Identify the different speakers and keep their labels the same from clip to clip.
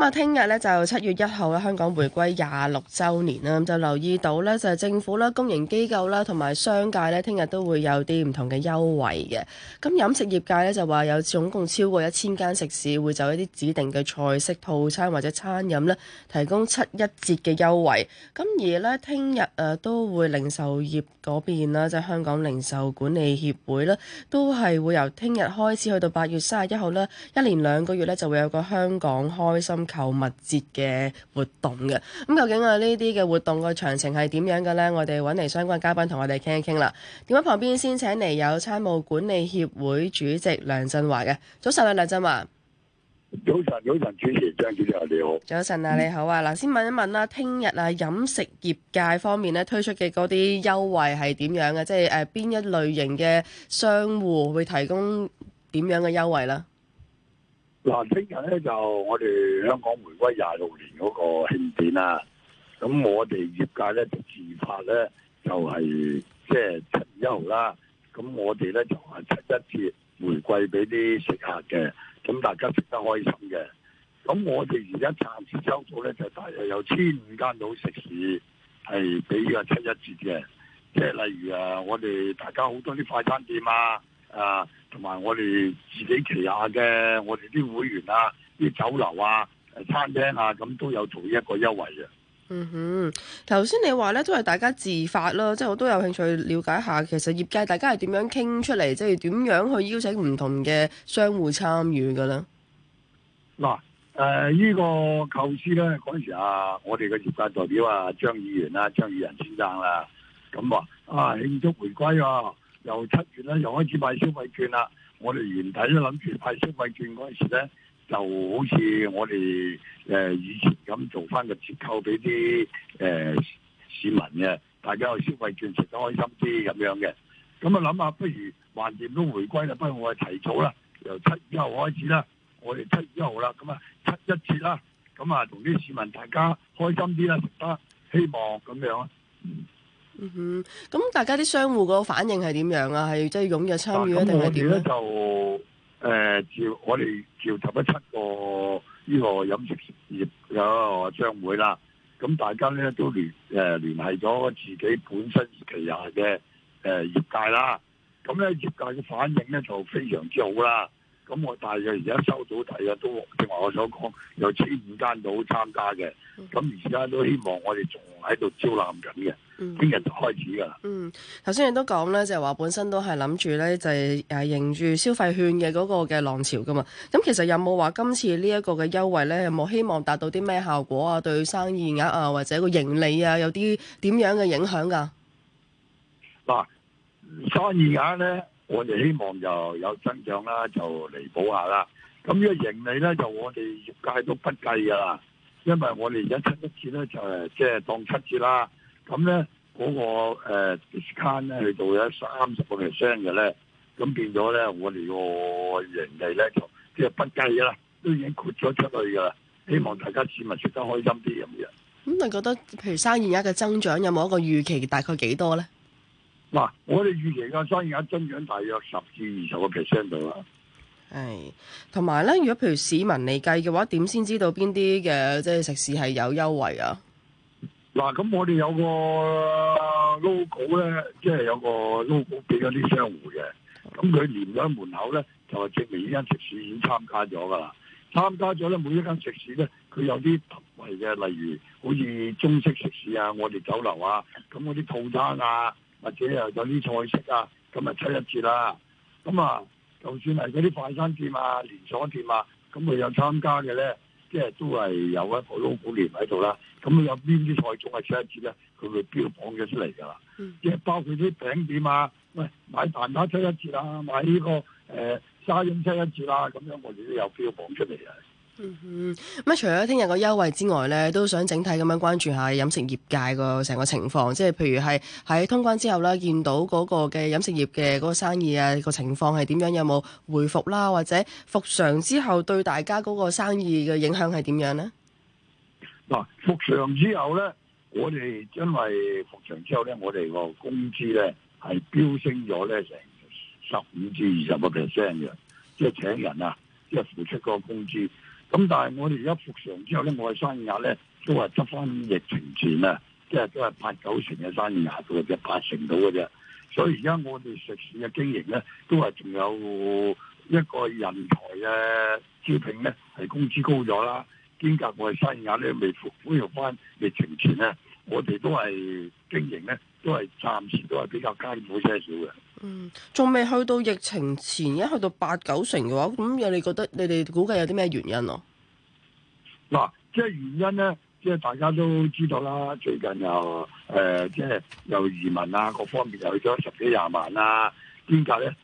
Speaker 1: 咁啊，聽日咧就七月一號咧，香港回歸廿六週年啦，咁就留意到咧，就係、政府啦、公營機構啦同埋商界咧，聽日都會有啲唔同嘅優惠嘅。咁飲食業界咧就話有總共超過一千間食肆會就一啲指定嘅菜式套餐或者餐飲咧，提供七一折嘅優惠。咁而咧聽日誒都會零售業嗰邊啦，即、係、香港零售管理協會啦都係會由聽日開始去到八月三十一號啦一連兩個月咧就會有個香港開心購物節嘅活動嘅。咁究竟啊呢啲嘅活動個詳情係點樣嘅呢？我哋揾嚟相關嘅嘉賓同我哋傾一傾啦。點解旁邊先請嚟有餐務管理協會主席梁振華嘅？早晨啊，梁振華。
Speaker 2: 早晨，早晨，
Speaker 1: 主席，張主席你好。早晨啊，你好啊！嗱，先問一問啦，聽日啊飲食業界方面咧推出嘅嗰啲優惠係點樣嘅？即係誒邊一類型嘅商戶會提供點樣嘅優惠啦？
Speaker 2: 嗱，聽日咧就我哋香港回歸廿六年嗰個慶典啦，咁我哋業界咧就自發咧就係即係七一號啦，咁我哋咧就是、七一折回饋俾啲食客嘅，咁大家食得開心嘅，咁我哋而家暫時收到咧就大約有千五間到食肆係俾個七一折嘅，即、就、係、是、例如啊，我哋大家好多啲快餐店啊。誒，同埋、啊、我哋自己旗下嘅我哋啲會員啊，啲酒樓啊、餐廳啊，咁都有做呢一個優惠嘅。嗯哼，
Speaker 1: 頭先你話咧，都係大家自發咯，即係我都有興趣了解下，其實業界大家係點樣傾出嚟，即係點樣去邀請唔同嘅商戶參與噶咧？
Speaker 2: 嗱、啊、誒、呃、呢、這個構思咧嗰陣時啊，我哋嘅業界代表啊，張議員啦，張宇人先生啦，咁話啊，慶、啊啊、祝回歸、啊。由七月咧，又開始派消費券啦。我哋原睇都諗住派消費券嗰陣時咧，就好似我哋、呃、以前咁做翻個折扣俾啲誒市民嘅，大家去消費券食得開心啲咁樣嘅。咁啊諗下，不如橫掂都回歸啦，不如我哋提早啦，由七月一號開始啦。我哋七月一號啦，咁啊七一折啦，咁啊同啲市民大家開心啲啦，食得希望咁樣啊。嗯
Speaker 1: 嗯，咁大家啲商戶個反應係點樣啊？係即係踴躍參與啊，定係點咧？我
Speaker 2: 就誒召我哋召集咗七個呢個飲食、食業嘅商會啦。咁大家咧都聯誒、呃、聯繫咗自己本身旗下嘅誒業界啦。咁咧業界嘅反應咧就非常之好啦。咁我大約而家收到，睇啊都正如我所講，有千五間到參加嘅。咁而家都希望我哋仲喺度招攬緊嘅，聽日就開始噶啦。嗯，
Speaker 1: 頭先你都講咧，就係話本身都係諗住咧，就係誒迎住消費券嘅嗰個嘅浪潮噶嘛。咁其實有冇話今次呢一個嘅優惠咧，有冇希望達到啲咩效果啊？對生意額啊，或者個盈利啊，有啲點樣嘅影響噶？
Speaker 2: 嗱，生意額咧。.我哋希望就有增長啦，就彌補下啦。咁呢個盈利咧，就我哋業界都不計噶啦，因為我哋而家七折咧就係即係當七折啦。咁咧嗰個誒 discount 咧去做咗三十個 percent 嘅咧，咁變咗咧我哋個盈利咧就即係不計啦，都已經豁咗出去噶啦。希望大家市民食得開心啲咁樣。
Speaker 1: 咁你覺得譬如生意而家嘅增長有冇一個預期，大概幾多咧？嗱，我哋
Speaker 2: 預期嘅生意額增長大約十至二十個 percent 度啦。
Speaker 1: 係，同埋咧，如果譬如市民嚟計嘅話，點先知道邊啲嘅即係食肆係有優惠啊？
Speaker 2: 嗱，咁我哋有個 logo 咧，即係有個 logo 俾咗啲商戶嘅。咁佢連咗喺門口咧，就係證明呢間食肆已經參加咗噶啦。參加咗咧，每一間食肆咧，佢有啲特惠嘅，例如好似中式食肆啊，我哋酒樓啊，咁嗰啲套餐啊。或者又有啲菜式啊，咁啊七一折啦，咁啊就算係嗰啲快餐店啊、連鎖店啊，咁佢有參加嘅咧，即係都係有一個 logo 喺度啦。咁佢有邊啲菜種係七一折咧？佢會標榜咗出嚟㗎啦，即係包括啲餅點啊，喂買蛋撻七一折啦，買呢個誒沙翁七一折啦，咁樣我哋都有標榜出嚟啊。
Speaker 1: 嗯，咁除咗聽日個優惠之外咧，都想整體咁樣關注下飲食業界個成個情況，即係譬如係喺通關之後啦，見到嗰個嘅飲食業嘅嗰個生意啊個情況係點樣？有冇回復啦？或者復常之後對大家嗰個生意嘅影響係點樣呢？
Speaker 2: 嗱、啊，復常之後咧，我哋因為復常之後咧，我哋個工資咧係飆升咗咧成十五至二十個 percent 嘅，即係、就是、請人啊，即、就、係、是、付出個工資。咁但係我哋而家復常之後咧，我哋生意額咧都係執翻疫情前啊，即係都係八九成嘅生意額到嘅啫，八成到嘅啫。所以而家我哋食肆嘅經營咧，都係仲有一個人才嘅招聘咧，係工資高咗啦。兼夾我哋生意額咧未復恢復翻，疫情前咧，我哋都係經營咧。都係暫時都係比較艱苦些少嘅。
Speaker 1: 嗯，仲未去到疫情前，一去到八九成嘅話，咁有你哋覺得你哋估計有啲咩原因咯？
Speaker 2: 嗱，即係原因咧，即係大家都知道啦。最近又誒、呃，即係又移民啊，各方面又去咗十幾廿萬啊，點解咧？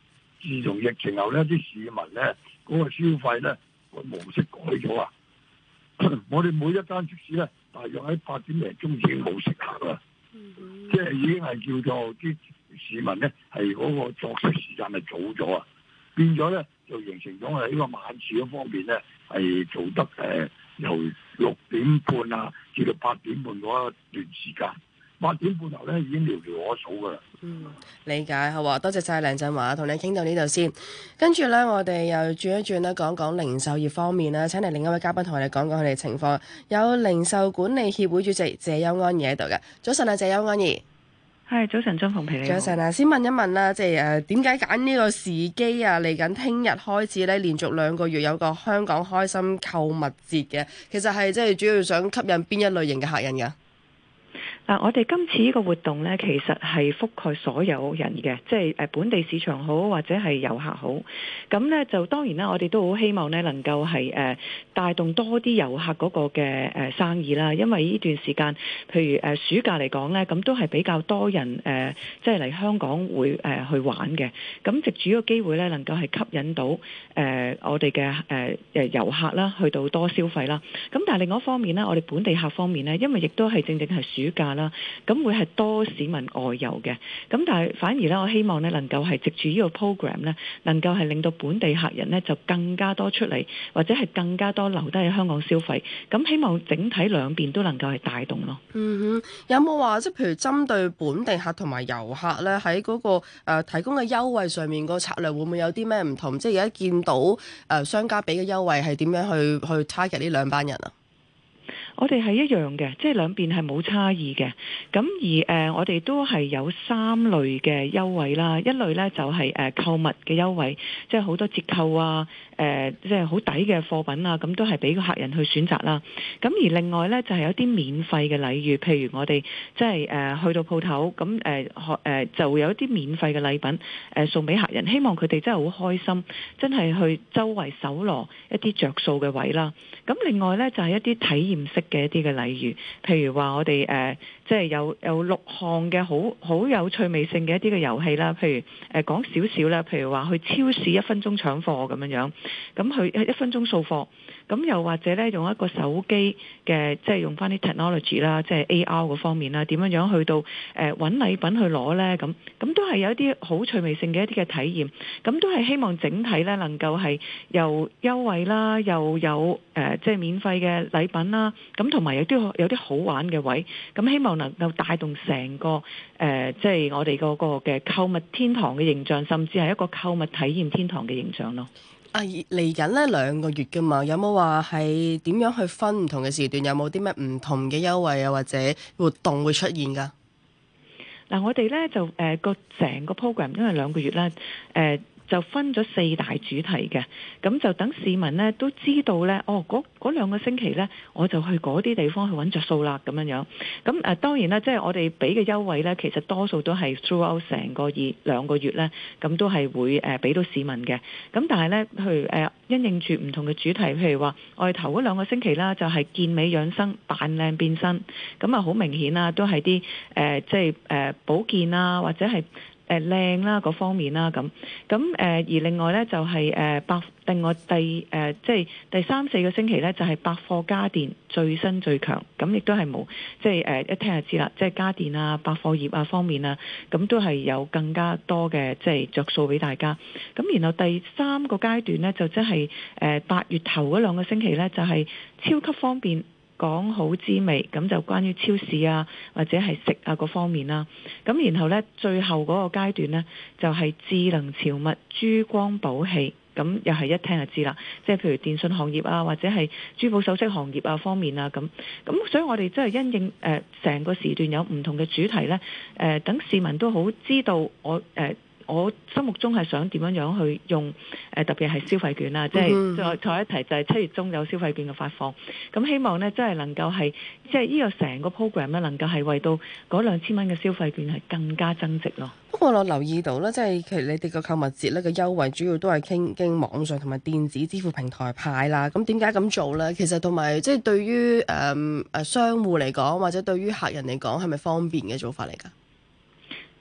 Speaker 2: 自從疫情後呢，啲市民咧嗰、嗰個消費咧個模式改咗啊！ 我哋每一間超市咧，大約喺八點零鐘已經冇食客啦。即係已經係叫做啲市民咧，係嗰個作息時間係早咗啊，變咗咧就形成咗喺呢個晚市嗰方面咧係做得誒由六點半啊至到八點半嗰一段時間。八點半頭
Speaker 1: 咧已經聊寥我數噶啦。嗯，理解好啊，多謝晒梁振華，同你傾到呢度先。跟住咧，我哋又轉一轉咧，講講零售業方面啦。請嚟另一位嘉賓同我哋講講佢哋情況。有零售管理協會主席謝邱安儀喺度嘅。早晨啊，謝邱安儀。
Speaker 3: 係，早晨，張宏平你好。早晨啊，
Speaker 1: 先問一問啦，即係誒，點解揀呢個時機啊？嚟緊聽日開始咧，連續兩個月有個香港開心購物節嘅，其實係即係主要想吸引邊一類型嘅客人噶？
Speaker 3: 啊！我哋今次呢個活動呢，其實係覆蓋所有人嘅，即係誒本地市場好，或者係遊客好。咁呢，就當然啦，我哋都好希望呢，能夠係誒帶動多啲遊客嗰個嘅誒生意啦。因為呢段時間，譬如誒暑假嚟講呢，咁都係比較多人誒，即係嚟香港會誒去玩嘅。咁藉住呢個機會呢，能夠係吸引到誒我哋嘅誒遊客啦，去到多消費啦。咁但係另外一方面呢，我哋本地客方面呢，因為亦都係正正係暑假啦，咁會係多市民外遊嘅，咁但係反而咧，我希望咧能夠係藉住呢個 program 咧，能夠係令到本地客人咧就更加多出嚟，或者係更加多留低喺香港消費，咁希望整體兩邊都能夠係帶動咯。嗯
Speaker 1: 哼，有冇話即係譬如針對本地客同埋遊客咧，喺嗰個誒提供嘅優惠上面個策略，會唔會有啲咩唔同？即係而家見到誒商家俾嘅優惠係點樣去去 target 呢兩班人啊？
Speaker 3: 我哋係一樣嘅，即係兩邊係冇差異嘅。咁而誒、呃，我哋都係有三類嘅優惠啦，一類咧就係誒購物嘅優惠，即係好多折扣啊，誒即係好抵嘅貨品啊，咁都係俾個客人去選擇啦。咁而另外咧就係有啲免費嘅禮遇，譬如我哋即係誒去到鋪頭，咁誒就有一啲免費嘅禮品誒送俾客人，希望佢哋真係好開心，真係去周圍搜羅一啲著數嘅位啦。咁另外咧就係一啲體驗式嘅一啲嘅例如，譬如話我哋誒。Uh 即係有有六項嘅好好有趣味性嘅一啲嘅遊戲啦，譬如誒講少少啦，譬如話去超市一分鐘搶貨咁樣樣，咁去一分鐘掃貨，咁又或者咧用一個手機嘅，即係用翻啲 technology 啦，即係 AR 嗰方面啦，點樣樣去到誒揾、呃、禮品去攞咧？咁咁都係有一啲好趣味性嘅一啲嘅體驗，咁都係希望整體咧能夠係又優惠啦，又有誒、呃、即係免費嘅禮品啦，咁同埋有啲有啲好玩嘅位，咁希望。能夠帶動成個誒，即、呃、係、就是、我哋嗰個嘅購物天堂嘅形象，甚至係一個購物體驗天堂嘅形象咯。
Speaker 1: 啊，嚟緊咧兩個月噶嘛，有冇話係點樣去分唔同嘅時段？有冇啲咩唔同嘅優惠啊，或者活動會出現噶？嗱、啊，我哋咧就誒個成個 program 因為兩個月咧，誒、呃。就分咗四大
Speaker 3: 主題嘅，咁就等市民呢都知道呢，哦，嗰兩個星期呢，我就去嗰啲地方去揾着數啦，咁樣樣。咁當然啦，即係我哋俾嘅優惠呢，其實多數都係 throughout 成個月、兩個月呢，咁都係會呃、俾到市民嘅。咁但係呢，譬如、呃、因應住唔同嘅主題，譬如話我哋頭嗰兩個星期啦，就係健美養生、扮靚變身，咁啊好明顯啊，都係啲、呃、即係、呃、保健啊，或者係。誒靚、呃、啦嗰方面啦，咁，咁誒、呃、而另外咧就係誒百另外第誒即係第三四個星期咧就係、是、百貨家電最新最強，咁亦都係冇即係誒一聽就知啦，即、就、係、是、家電啊、百貨業啊方面啊，咁都係有更加多嘅即係着數俾大家。咁然後第三個階段咧就即係誒八月頭嗰兩個星期咧就係、是、超級方便。講好滋味，咁就關於超市啊，或者係食啊嗰方面啦、啊。咁然後呢，最後嗰個階段呢，就係、是、智能潮物珠光寶氣。咁又係一聽就知啦。即、就、係、是、譬如電信行業啊，或者係珠寶首飾行業啊方面啊咁。咁所以我哋真係因應誒成、呃、個時段有唔同嘅主題呢。等、呃、市民都好知道我誒。呃我心目中係想點樣樣去用誒，特別係消費券啦，即係再、嗯、再一提，就係、是、七月中有消費券嘅發放，咁希望呢，真係能夠係即係呢個成個 program 咧，能夠係為到嗰兩千蚊嘅消費券係更加增值咯。
Speaker 1: 不過我留意到咧，即係其實你哋個購物節呢個優惠主要都係傾經網上同埋電子支付平台派啦。咁點解咁做呢？其實同埋即係對於誒誒、嗯、商戶嚟講，或者對於客人嚟講，係咪方便嘅做法嚟㗎？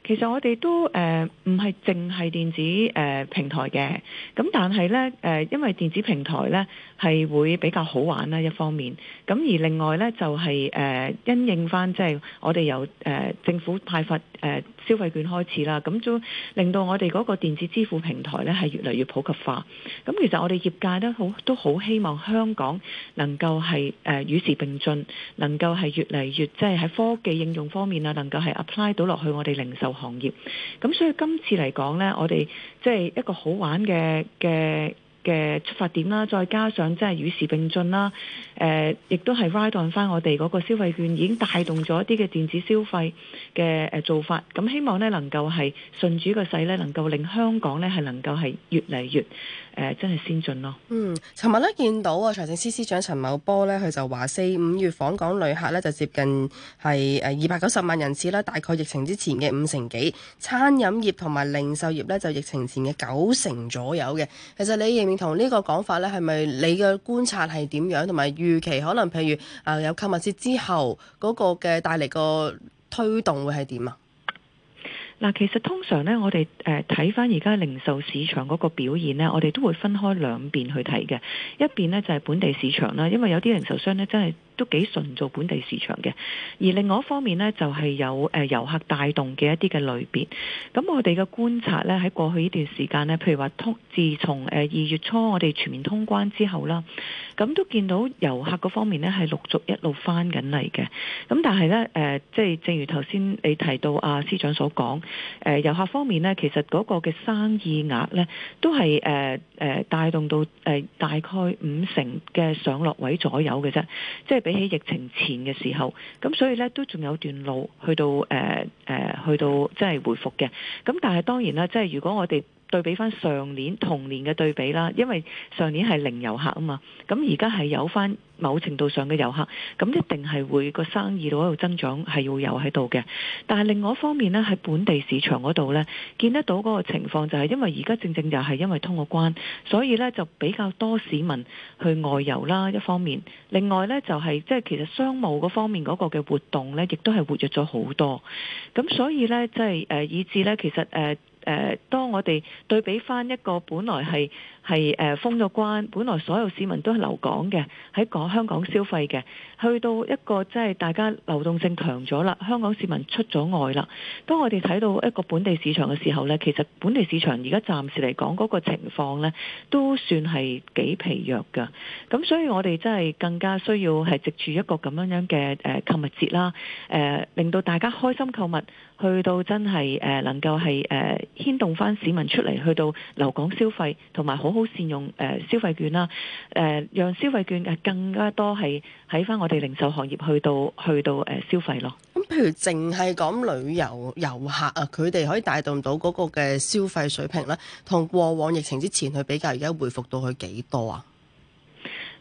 Speaker 3: 其實我哋都誒唔係淨係電子誒、呃、平台嘅，咁但係咧誒，因為電子平台咧。係會比較好玩啦，一方面。咁而另外呢，就係誒因應返即係我哋由誒政府派發誒消費券開始啦，咁就令到我哋嗰個電子支付平台呢係越嚟越普及化。咁其實我哋業界都好都好希望香港能夠係誒與時並進，能夠係越嚟越即係喺科技應用方面啊，能夠係 apply 到落去我哋零售行業。咁所以今次嚟講呢，我哋即係一個好玩嘅嘅嘅出發點啦，再加上即係與時並進啦，誒、呃，亦都係 ride on 翻我哋嗰個消費券已經帶動咗一啲嘅電子消費嘅誒做法，咁、嗯、希望呢，能夠係順主嘅勢呢能夠令香港呢係能夠係越嚟越
Speaker 1: 誒、呃，真係先進咯。嗯，尋日呢，見到啊，財政司司長陳茂波呢，佢就話四五月訪港旅客呢就接近係誒二百九十萬人次啦，大概疫情之前嘅五成幾，餐飲業同埋零售業呢，就疫情前嘅九成左右嘅。其實你認同呢個講法咧，係咪你嘅觀察係點樣？同埋預期可能，譬如啊，有購物節之後嗰個嘅帶嚟個推動會係點啊？
Speaker 3: 嗱，其實通常咧，我哋誒睇翻而家零售市場嗰個表現咧，我哋都會分開兩邊去睇嘅。一邊呢，就係本地市場啦，因為有啲零售商咧真係。都幾順做本地市場嘅，而另外一方面呢，就係、誒、有遊客帶動嘅一啲嘅類別。咁我哋嘅觀察呢，喺過去呢段時間呢，譬如話通，自從誒二月初我哋全面通關之後啦，咁都見到遊客嗰方面呢，係陸續一路翻緊嚟嘅。咁但係呢，即、呃、係、即係、正如頭先你提到啊，司長所講，呃，遊客方面呢，其實嗰個嘅生意額呢，都係誒、呃、帶動到誒、呃、大概五成嘅上落位左右嘅啫，即係比起疫情前嘅時候，咁所以呢都仲有段路去到誒誒、呃呃、去到即係回復嘅，咁但係當然啦，即係如果我哋對比翻上年同年嘅對比啦，因為上年係零遊客啊嘛，咁而家係有翻某程度上嘅遊客，咁一定係會個生意嗰度增長係會有喺度嘅。但係另外一方面呢，喺本地市場嗰度呢，見得到嗰個情況就係、是、因為而家正正就係因為通過關，所以呢就比較多市民去外遊啦。一方面，另外呢就係即係其實商務嗰方面嗰個嘅活動呢，亦都係活躍咗好多。咁所以呢、就是，即、呃、係以至呢，其實、呃誒當我哋對比翻一個本來係係誒、啊、封咗關，本來所有市民都係留港嘅，喺港香港消費嘅，去到一個即係大家流動性強咗啦，香港市民出咗外啦。當我哋睇到一個本地市場嘅時候呢，其實本地市場而家暫時嚟講嗰個情況呢，都算係幾疲弱噶。咁所以我哋真係更加需要係藉住一個咁樣樣嘅、啊、購物節啦、啊，令到大家開心購物，去到真係、啊、能夠係、啊、牽動翻市民出嚟去到留港消費，同埋好。好善用誒消費券啦，誒讓消費券誒更加多係喺翻我哋
Speaker 1: 零售行業去到去到誒消費咯。咁譬如淨係講旅遊遊客啊，佢哋可以帶動到嗰個嘅消費水平啦，同過往疫情之前去比較，而家回復到佢幾多啊？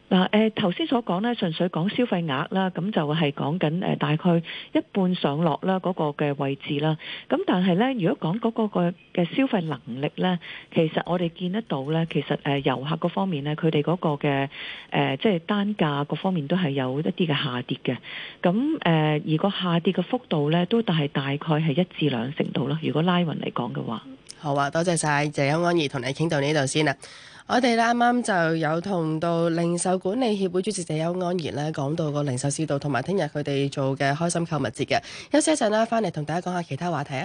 Speaker 3: 嗱，頭先所講咧，純粹講消費額啦，咁就係講緊大概一半上落啦嗰個嘅位置啦。咁但係咧，如果講嗰個嘅消費能力咧，其實我哋見得到咧，其實誒遊客嗰方面咧，佢哋嗰個嘅誒即係單價各方面都係有一啲嘅下跌嘅。咁誒而個下跌嘅幅度咧，都大概係一至兩成度啦。如
Speaker 1: 果拉勻嚟講嘅話。好啊，多謝晒謝邱安儀同你傾到呢度先啦。我哋咧，啱啱就有同到零售管理協會主席謝邱安儀呢，講到個零售市道同埋聽日佢哋做嘅開心購物節嘅。休息一陣啦，返嚟同大家講下其他話題啊。